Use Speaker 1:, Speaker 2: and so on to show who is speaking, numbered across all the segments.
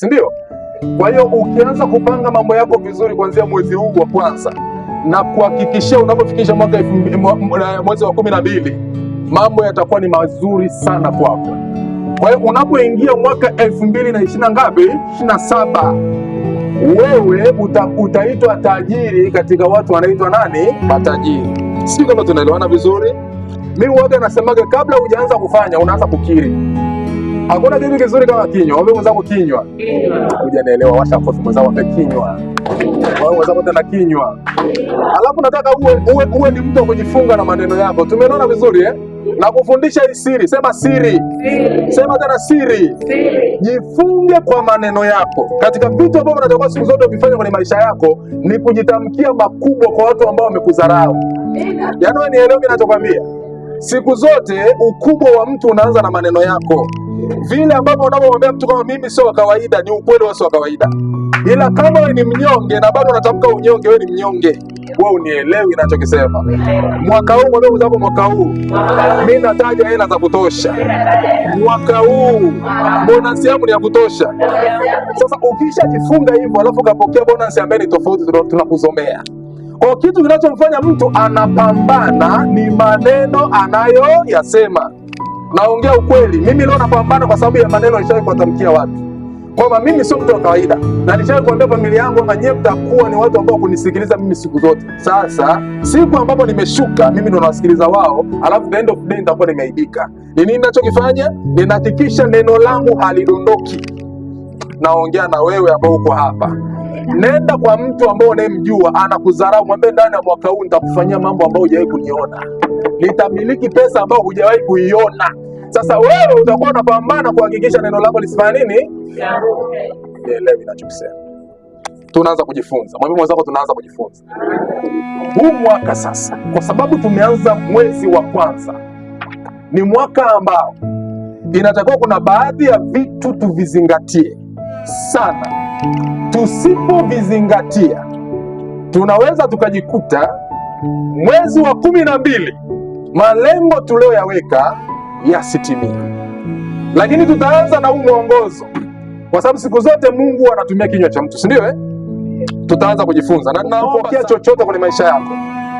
Speaker 1: si ndio? Kwa hiyo ukianza kupanga mambo yako vizuri kuanzia mwezi huu wa kwanza na kuhakikishia unapofikisha mwaka mwezi wa kumi na mbili mambo yatakuwa ni mazuri sana kwako. Kwa hiyo unapoingia mwaka elfu mbili na ishirini na ngapi, ishirini na saba, wewe uta, utaitwa tajiri katika watu wanaitwa nani? Matajiri. Sijui kama tunaelewana vizuri. Mi waga nasemaga, kabla hujaanza kufanya unaanza kukiri Hakuna kitu kizuri kama kinywa. Wewe mwenzako kinywa. Kuja naelewa, washa kofi mwenzako, mwambie kinywa. Wewe mwenzako tena kinywa. Alafu nataka uwe, uwe, uwe ni mtu wa kujifunga na maneno yako. Tumeona vizuri eh? Na kufundisha hii siri, sema siri, siri. Sema tena siri. Siri. Jifunge kwa maneno yako. Katika vitu ambavyo unatakiwa siku zote uvifanye kwenye maisha yako ni kujitamkia makubwa kwa watu ambao wamekudharau. Yaani wewe nielewe ninachokwambia. Siku zote ukubwa wa mtu unaanza na maneno yako. Vile ambavyo unapomwambia mtu kama mimi sio wa kawaida, ni ukweli wa sio wa kawaida, ila kama wewe ni mnyonge na bado unatamka unyonge, wewe ni mnyonge wewe unielewi ninachokisema. Mwaka huu mwambie mwenzako, mwaka huu mimi nataja hela za kutosha, mwaka huu bonasi yangu ni ya kutosha. Sasa ukisha kifunga hivyo, alafu ukapokea bonasi ambayo ni tofauti, tunakuzomea kwa kitu kinachomfanya mtu anapambana ni maneno anayoyasema naongea ukweli. Mimi leo napambana kwa sababu ya maneno nishawahi kuwatamkia watu kwamba mimi sio mtu wa kawaida, na nishawahi kuambia familia yangu kwamba nyewe mtakuwa ni watu ambao kunisikiliza mimi siku zote. Sasa siku ambapo nimeshuka mimi ndo nawasikiliza wao, alafu the end of day nitakuwa nimeaibika. Ni nini ninachokifanya? Ninahakikisha neno langu halidondoki. Naongea na wewe ambao uko hapa Nenda kwa mtu ambao unayemjua anakudharau, mwambie ndani ya mwaka huu nitakufanyia mambo ambayo hujawahi kuniona, nitamiliki pesa ambayo hujawahi kuiona. Sasa wewe utakuwa unapambana kuhakikisha neno lako lisifanye nini, elewe ninachosema. Tunaanza kujifunza, mwambie mwenzako, tunaanza kujifunza huu mwaka sasa, kwa sababu tumeanza mwezi wa kwanza. Ni mwaka ambao inatakiwa kuna baadhi ya vitu tuvizingatie sana. Tusipovizingatia tunaweza tukajikuta mwezi wa kumi na mbili malengo tuliyoyaweka yasitimie. Lakini tutaanza na huu mwongozo, kwa sababu siku zote Mungu anatumia kinywa cha mtu, si ndio eh? Tutaanza kujifunza na naopokea chochote kwenye maisha yako.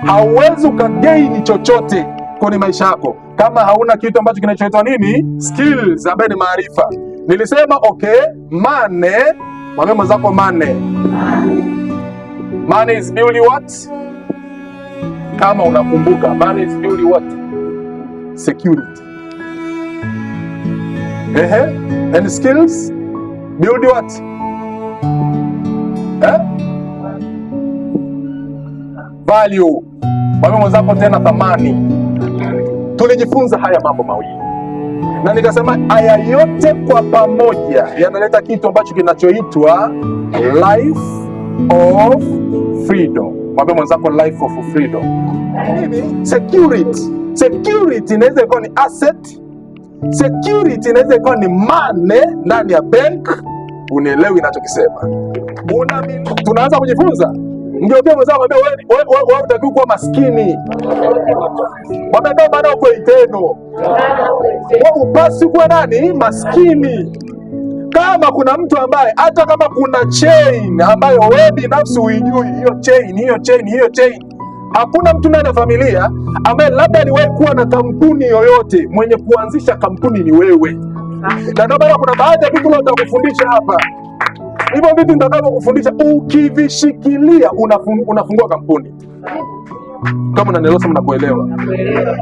Speaker 1: Hauwezi ukageini chochote kwenye maisha yako kama hauna kitu ambacho kinachoitwa nini, skills ambaye ni maarifa. Nilisema okay, mane mwambie mwenzako mane. Mane is duly what? Kama unakumbuka mane is duly what? Security. Ehe, and skills build what? Eh? Value. Mwambie mwenzako tena thamani. Tulijifunza haya mambo mawili na nikasema haya yote kwa pamoja yanaleta kitu ambacho kinachoitwa life of freedom. Mwambie mwenzako life of freedom. Security. Security inaweza ikawa ni asset security inaweza ikawa ni mane ndani ya bank. Unielewi inachokisema Tunaanza kujifunza. Mgeukia mwenzako mwambie wewe kuwa maskini. Mwambie kama bado uko Wewe upasi kuwa nani? Maskini. Kama kuna mtu ambaye hata kama kuna chain ambayo wewe binafsi uijui hiyo chain, hiyo chain, hiyo chain Hakuna mtu ndani ya familia ambaye labda aliwahi kuwa na kampuni yoyote, mwenye kuanzisha kampuni ni wewe. Na ndio maana kuna baadhi ya vitu nitakufundisha hapa, hivyo vitu nitakavyokufundisha ukivishikilia, unafungua, kampuni kama unanielewa sana, nakuelewa.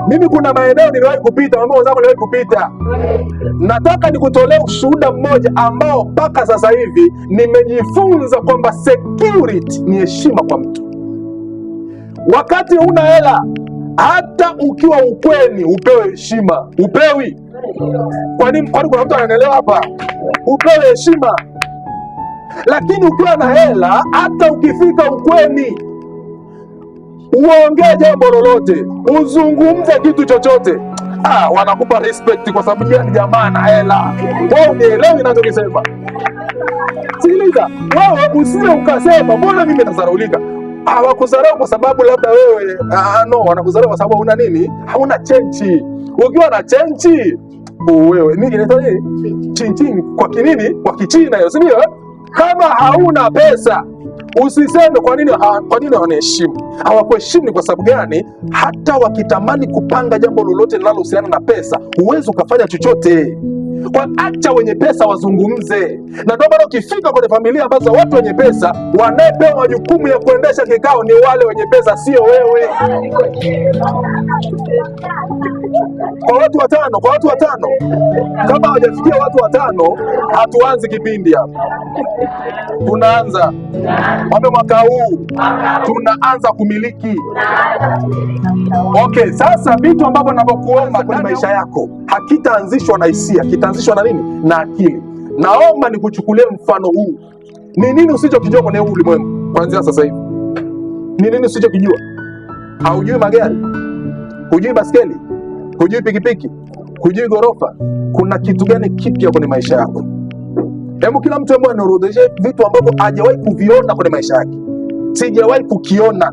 Speaker 1: Mimi kuna maeneo niliwahi kupita, mambo wenzangu niliwahi kupita. Nataka nikutolee ushuhuda mmoja ambao mpaka sasa hivi nimejifunza kwamba security ni heshima kwa mtu. Wakati huna hela, hata ukiwa ukweni upewe heshima. Upewi? Kwani kwani kuna mtu anaelewa hapa? Upewe heshima. Lakini ukiwa na hela, hata ukifika ukweni uongee jambo lolote, uzungumze kitu chochote Ah, wanakupa respect kwa sababu ni jamaa na hela. Wewe unielewi ninachokisema? Sikiliza, wewe usije ukasema mbona mimi nasaraulika hawakuzarau kwa sababu labda wewe ah, ah, no, wanakuzarau kwa sababu hauna nini, hauna chenchi. Ukiwa na chenchi wewe ni inaitwa nini, chinchini kwa kinini, kwa Kichina hiyo, si ndio? Kama hauna pesa usiseme kwa nini, ah, kwa nini wanaheshimu. Hawakuheshimu kwa sababu gani? Hata wakitamani kupanga jambo lolote linalohusiana na pesa, huwezi ukafanya chochote acha wenye pesa wazungumze. Na ndio maana ukifika kwenye familia ambazo watu wenye pesa, wanayepewa jukumu ya kuendesha kikao ni wale wenye pesa, sio wewe. Kwa watu watano, kwa watu watano, kama hawajafikia watu watano, hatuanzi kipindi hapa. Tunaanza wame mwaka huu, tunaanza kumiliki. Okay, sasa vitu ambavyo navyokuomba kwenye maisha yako hakitaanzishwa na hisia, kitaanzishwa na nini? Na akili. Naomba nikuchukulie mfano huu. Ni nini usichokijua kwenye huu ulimwengu kuanzia sasa hivi? Ni nini usichokijua? Haujui magari, hujui baskeli, hujui pikipiki, hujui ghorofa. Kuna kitu gani kipya kwenye maisha yako? Hebu kila mtu ambaye anaorodheshe vitu ambavyo hajawahi kuviona kwenye maisha yake. Sijawahi kukiona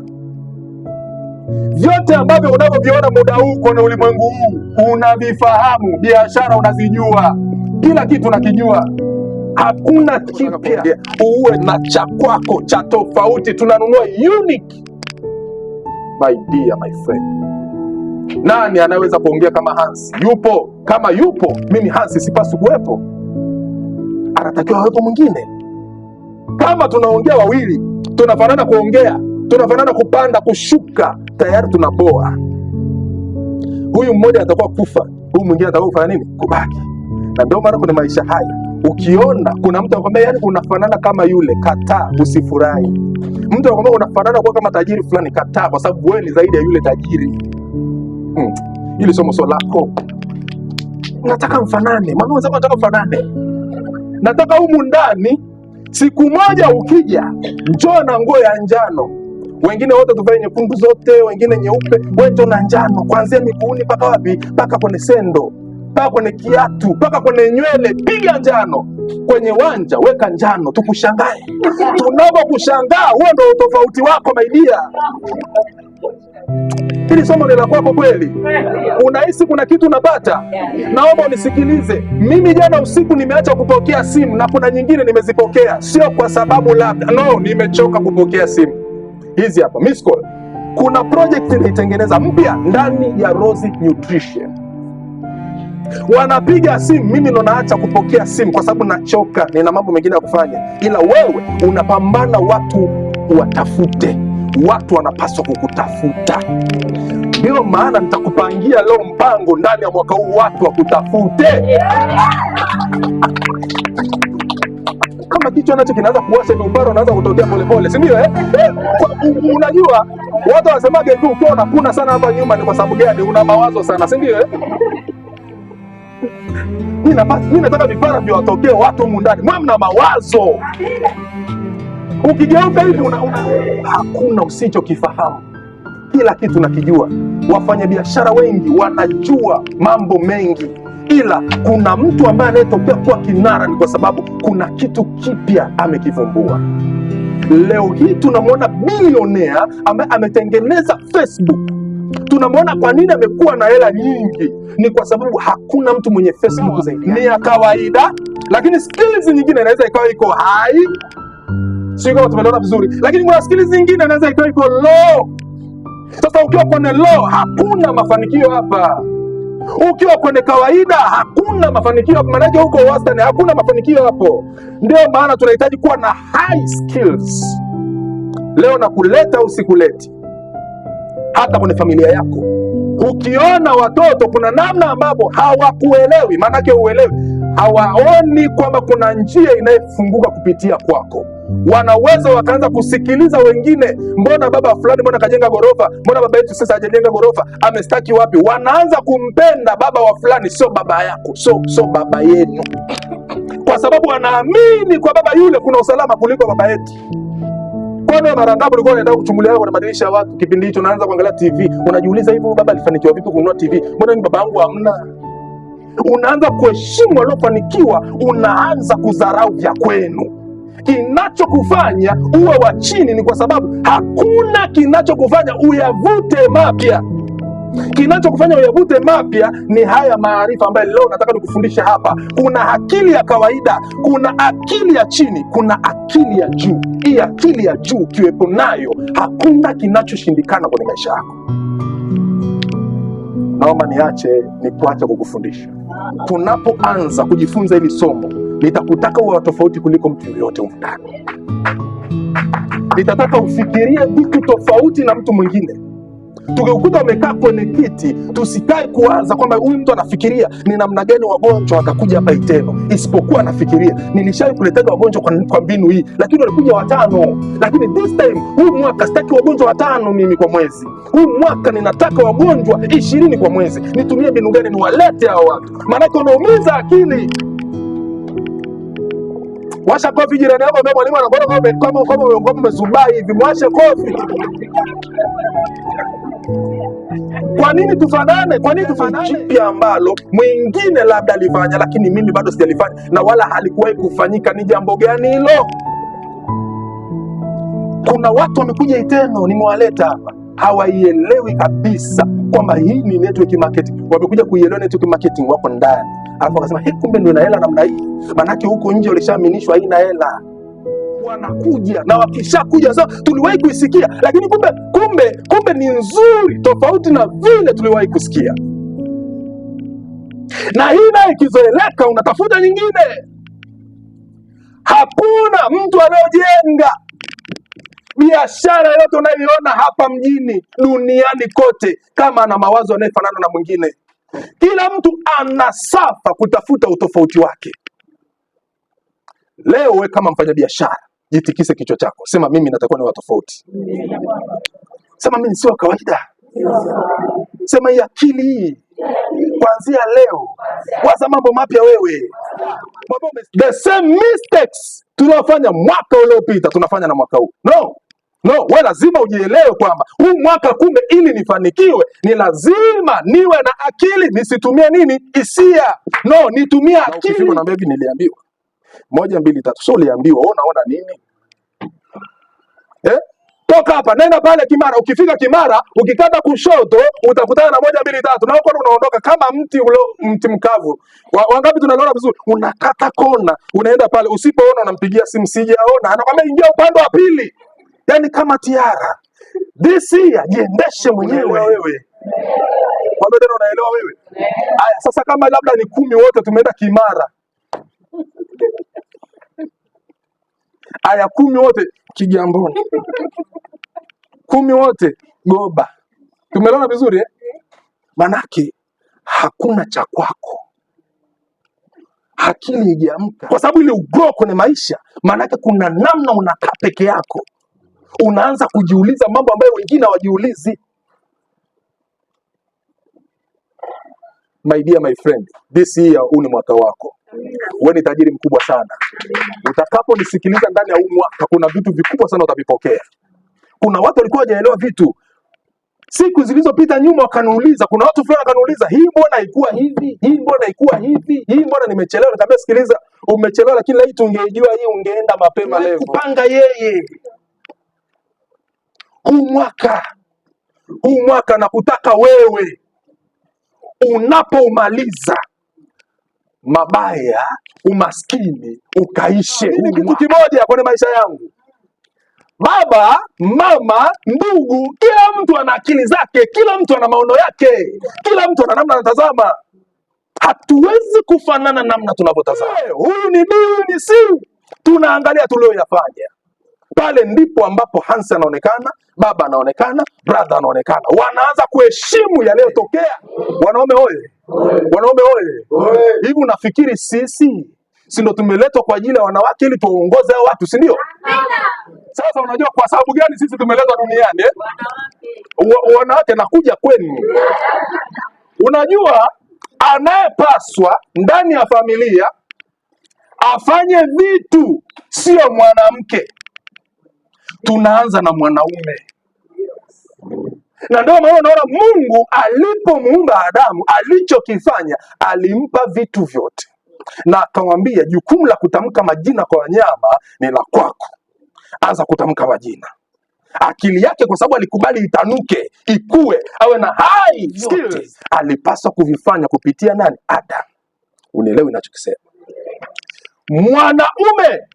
Speaker 1: Vyote ambavyo unavyoviona muda huu kwenye ulimwengu huu unavifahamu, biashara unazijua, kila kitu unakijua. Hakuna kipya uwe na cha kwako cha tofauti. Tunanunua unique. My dear, my friend, nani anaweza kuongea kama Hans? Yupo? Kama yupo, mimi Hans sipasi kuwepo, anatakiwa awepo mwingine. Kama tunaongea wawili, tunafanana kuongea, tunafanana kupanda kushuka tayari tunaboa. Huyu mmoja atakuwa kufa, huyu mwingine atakuwa kufanya nini? Kubaki. Na ndio maana kwenye maisha haya ukiona kuna mtu anakwambia yani unafanana kama yule, kataa, usifurahi. Mtu anakwambia unafanana kuwa kama tajiri fulani, kataa, kwa sababu wewe ni zaidi ya yule tajiri. Hmm. Ili somo lako. Nataka mfanane, mama wangu nataka mfanane, nataka humu ndani siku moja ukija, njoo na nguo ya njano wengine wote tuvae nyekundu zote, wengine nyeupe, weto na njano, kuanzia miguuni mpaka wapi? Mpaka kwenye sendo, mpaka kwenye kiatu, mpaka kwenye nywele. Piga njano kwenye wanja, weka njano, tukushangae. kushangaa, huo ndio utofauti wako maidia. Hili somo ni la kwako kweli? Unahisi kuna kitu unapata? Naomba unisikilize. Mimi jana usiku nimeacha kupokea simu na kuna nyingine nimezipokea, sio kwa sababu labda, no, nimechoka kupokea simu hizi hapa miscall. Kuna project inaitengeneza mpya ndani ya Rose Nutrition, wanapiga simu, mimi ndo naacha kupokea simu kwa sababu nachoka, nina mambo mengine ya kufanya, ila wewe unapambana, watu watafute, watu wanapaswa kukutafuta. ndio maana nitakupangia leo mpango ndani ya mwaka huu, watu wakutafute kama kichwa nacho kinaanza kuwasha viupara unaanza kutokea polepole, si ndio? Eh, eh unajua watu wasemaje tu, ukiwa unakuna sana hapa nyuma ni kwa sababu gani? Una mawazo sana, si ndio? Eh, mimi nataka vipara viwatokee watu humu ndani, mwe mna mawazo. Ukigeuka hivi una, una, hakuna usichokifahamu, kila kitu nakijua. Wafanyabiashara wengi wanajua mambo mengi ila kuna mtu ambaye anayetokea kuwa kinara ni kwa sababu kuna kitu kipya amekivumbua. Leo hii tunamwona bilionea ambaye ametengeneza Facebook. Tunamwona kwa nini amekuwa na hela nyingi, ni kwa sababu hakuna mtu mwenye Facebook zaidi, ni ya kawaida, lakini skills nyingine inaweza ikawa iko hai sio kama tumeona vizuri, lakini kuna skills nyingine inaweza ikawa iko low. Sasa ukiwa kwenye low, hakuna mafanikio hapa. Ukiwa kwenye kawaida hakuna mafanikio, maanake huko wastani hakuna mafanikio hapo. Ndio maana tunahitaji kuwa na high skills. Leo nakuleta usikuleti, hata kwenye familia yako. Ukiona watoto kuna namna ambapo hawakuelewi, maanake uelewi, hawaoni kwamba kuna njia inayofunguka kupitia kwako wanaweza wakaanza kusikiliza wengine, mbona baba fulani, mbona kajenga gorofa, mbona baba yetu sasa hajajenga gorofa, amestaki wapi? Wanaanza kumpenda baba wa fulani, sio baba yako, sio sio baba yenu, kwa sababu wanaamini kwa baba yule kuna usalama kuliko baba yetu. Kwani mara ngapi ulikuwa unaenda kuchungulia kwa madirisha ya watu? Kipindi hicho unaanza kuangalia TV, unajiuliza hivi, baba alifanikiwa vipi kununua TV? Mbona ni baba yangu hamna? Unaanza kuheshimu waliofanikiwa, unaanza kudharau vya kwenu kinachokufanya uwe wa chini ni kwa sababu hakuna kinachokufanya uyavute mapya. Kinachokufanya uyavute mapya ni haya maarifa ambayo leo nataka nikufundishe hapa. Kuna akili ya kawaida, kuna akili ya chini, kuna akili ya juu. Hii akili ya juu ukiwepo nayo, hakuna kinachoshindikana kwenye maisha yako. Naomba niache nikuacha kukufundisha. Tunapoanza kujifunza hili somo nitakutaka uwe tofauti kuliko mtu yoyote humu ndani. Nitataka ufikirie vitu tofauti na mtu mwingine. Tukikuta umekaa kwenye kiti, tusikae kuwaza kwamba huyu mtu anafikiria ni namna gani wagonjwa watakuja hapa Iteno, isipokuwa anafikiria. Nilishawahi kuletega wagonjwa kwa, kwa mbinu hii, lakini walikuja watano. Lakini this time, huu mwaka sitaki wagonjwa watano mimi kwa mwezi. Huu mwaka ninataka wagonjwa ishirini kwa mwezi. Nitumie mbinu gani niwalete hao watu? Maanake unaumiza akili. Washa kofi jirani yako ambaye mwalimu anakuona kama kama kama umezubaa hivi, mwashe kofi. Kwa nini tufanane? Kwa nini tufanane? Jipya ambalo mwingine labda alifanya, lakini mimi bado sijalifanya na wala halikuwahi kufanyika, ni jambo gani hilo? Kuna watu wamekuja Iteno, nimewaleta hapa hawaielewi kabisa kwamba hii ni network marketing. Wamekuja kuielewa network marketing, wako ndani, alafu wakasema hii kumbe ndio ina hela namna hii, maanake huko nje walishaaminishwa haina hela. Wanakuja na wakishakuja sasa, tuliwahi kuisikia, lakini kumbe kumbe kumbe ni nzuri, tofauti na vile tuliwahi kusikia, na hii nayo ikizoeleka unatafuta nyingine. Hakuna mtu anayojenga biashara yote unayoiona hapa mjini duniani kote, kama ana mawazo yanayofanana na mwingine. Kila mtu anasafa kutafuta utofauti wake. Leo we kama biashara, jitikise kichwa chako, sema mimi natakuwa ni wa tofauti. Sema mimi sio kawaida. Sema hii akili hii kuanzia leo waza mambo mapya wewe. The same mistakes tunaofanya mwaka uliopita tunafanya na mwaka huu no No, we lazima ujielewe kwamba huu mwaka kumbe, ili nifanikiwe ni lazima niwe na akili, nisitumie nini hisia, no, nitumie akili. Na mimi niliambiwa moja mbili tatu, sio uliambiwa wewe, unaona nini eh? Toka hapa nenda pale Kimara. Ukifika Kimara ukikata kushoto utakutana na moja mbili tatu, na huko unaondoka kama mti ule mti mkavu. Wangapi tunaliona vizuri? Unakata kona unaenda pale, usipoona unampigia simu, sijaona, anakwambia ingia upande wa pili yani kama tiara year, ajiendeshe mwenyewe wewe. Pamoja unaelewa wewe? Aya, sasa kama labda ni kumi wote tumeenda Kimara. Aya, kumi wote Kigamboni, kumi wote Goba. Tumeelewana vizuri eh? Manake hakuna cha kwako, akili ijiamka, kwa sababu ile ugoo kwenye maisha, maanake kuna namna unakaa peke yako unaanza kujiuliza mambo ambayo wengine hawajiulizi. My dear my friend, this year huu ni mwaka wako. Wewe ni tajiri mkubwa sana. Utakaponisikiliza ndani ya huu mwaka, kuna vitu vikubwa sana utavipokea. Kuna watu walikuwa hawajaelewa vitu siku zilizopita nyuma, wakaniuliza. Kuna watu fulani wakaniuliza, hii mbona haikuwa hivi, hii mbona haikuwa hivi, hii mbona nimechelewa? Nikamwambia, sikiliza, umechelewa, lakini laiti tungeijua hii ungeenda mapema leo. Kupanga yeye huu mwaka huu mwaka na kutaka wewe unapomaliza mabaya umaskini ukaishe. Ni kitu kimoja kwenye maisha yangu, baba mama, ndugu, kila mtu ana akili zake, kila mtu ana maono yake, kila mtu ana namna anatazama. Hatuwezi kufanana namna tunavyotazama. Huyu ni bii ni si, tunaangalia tulioyafanya pale ndipo ambapo Hans anaonekana, baba anaonekana, brother anaonekana, wanaanza kuheshimu yaliyotokea. Wanaume oye! Wanaume oye! Hivi unafikiri sisi si ndo tumeletwa kwa ajili ya wanawake ili tuongoze hao watu, si ndio? Sasa unajua kwa sababu gani sisi tumeletwa duniani eh? Wanawake, wanawake nakuja kwenu. Unajua, anayepaswa ndani ya familia afanye vitu sio mwanamke tunaanza na mwanaume, na ndio maana unaona Mungu alipomuumba Adamu, alichokifanya alimpa vitu vyote, na akamwambia jukumu la kutamka majina kwa wanyama ni la kwako, anza kutamka majina akili yake kwa sababu alikubali itanuke, ikue, awe na hai yote, alipaswa kuvifanya kupitia nani? Adam. Unielewi nachokisema? Mwanaume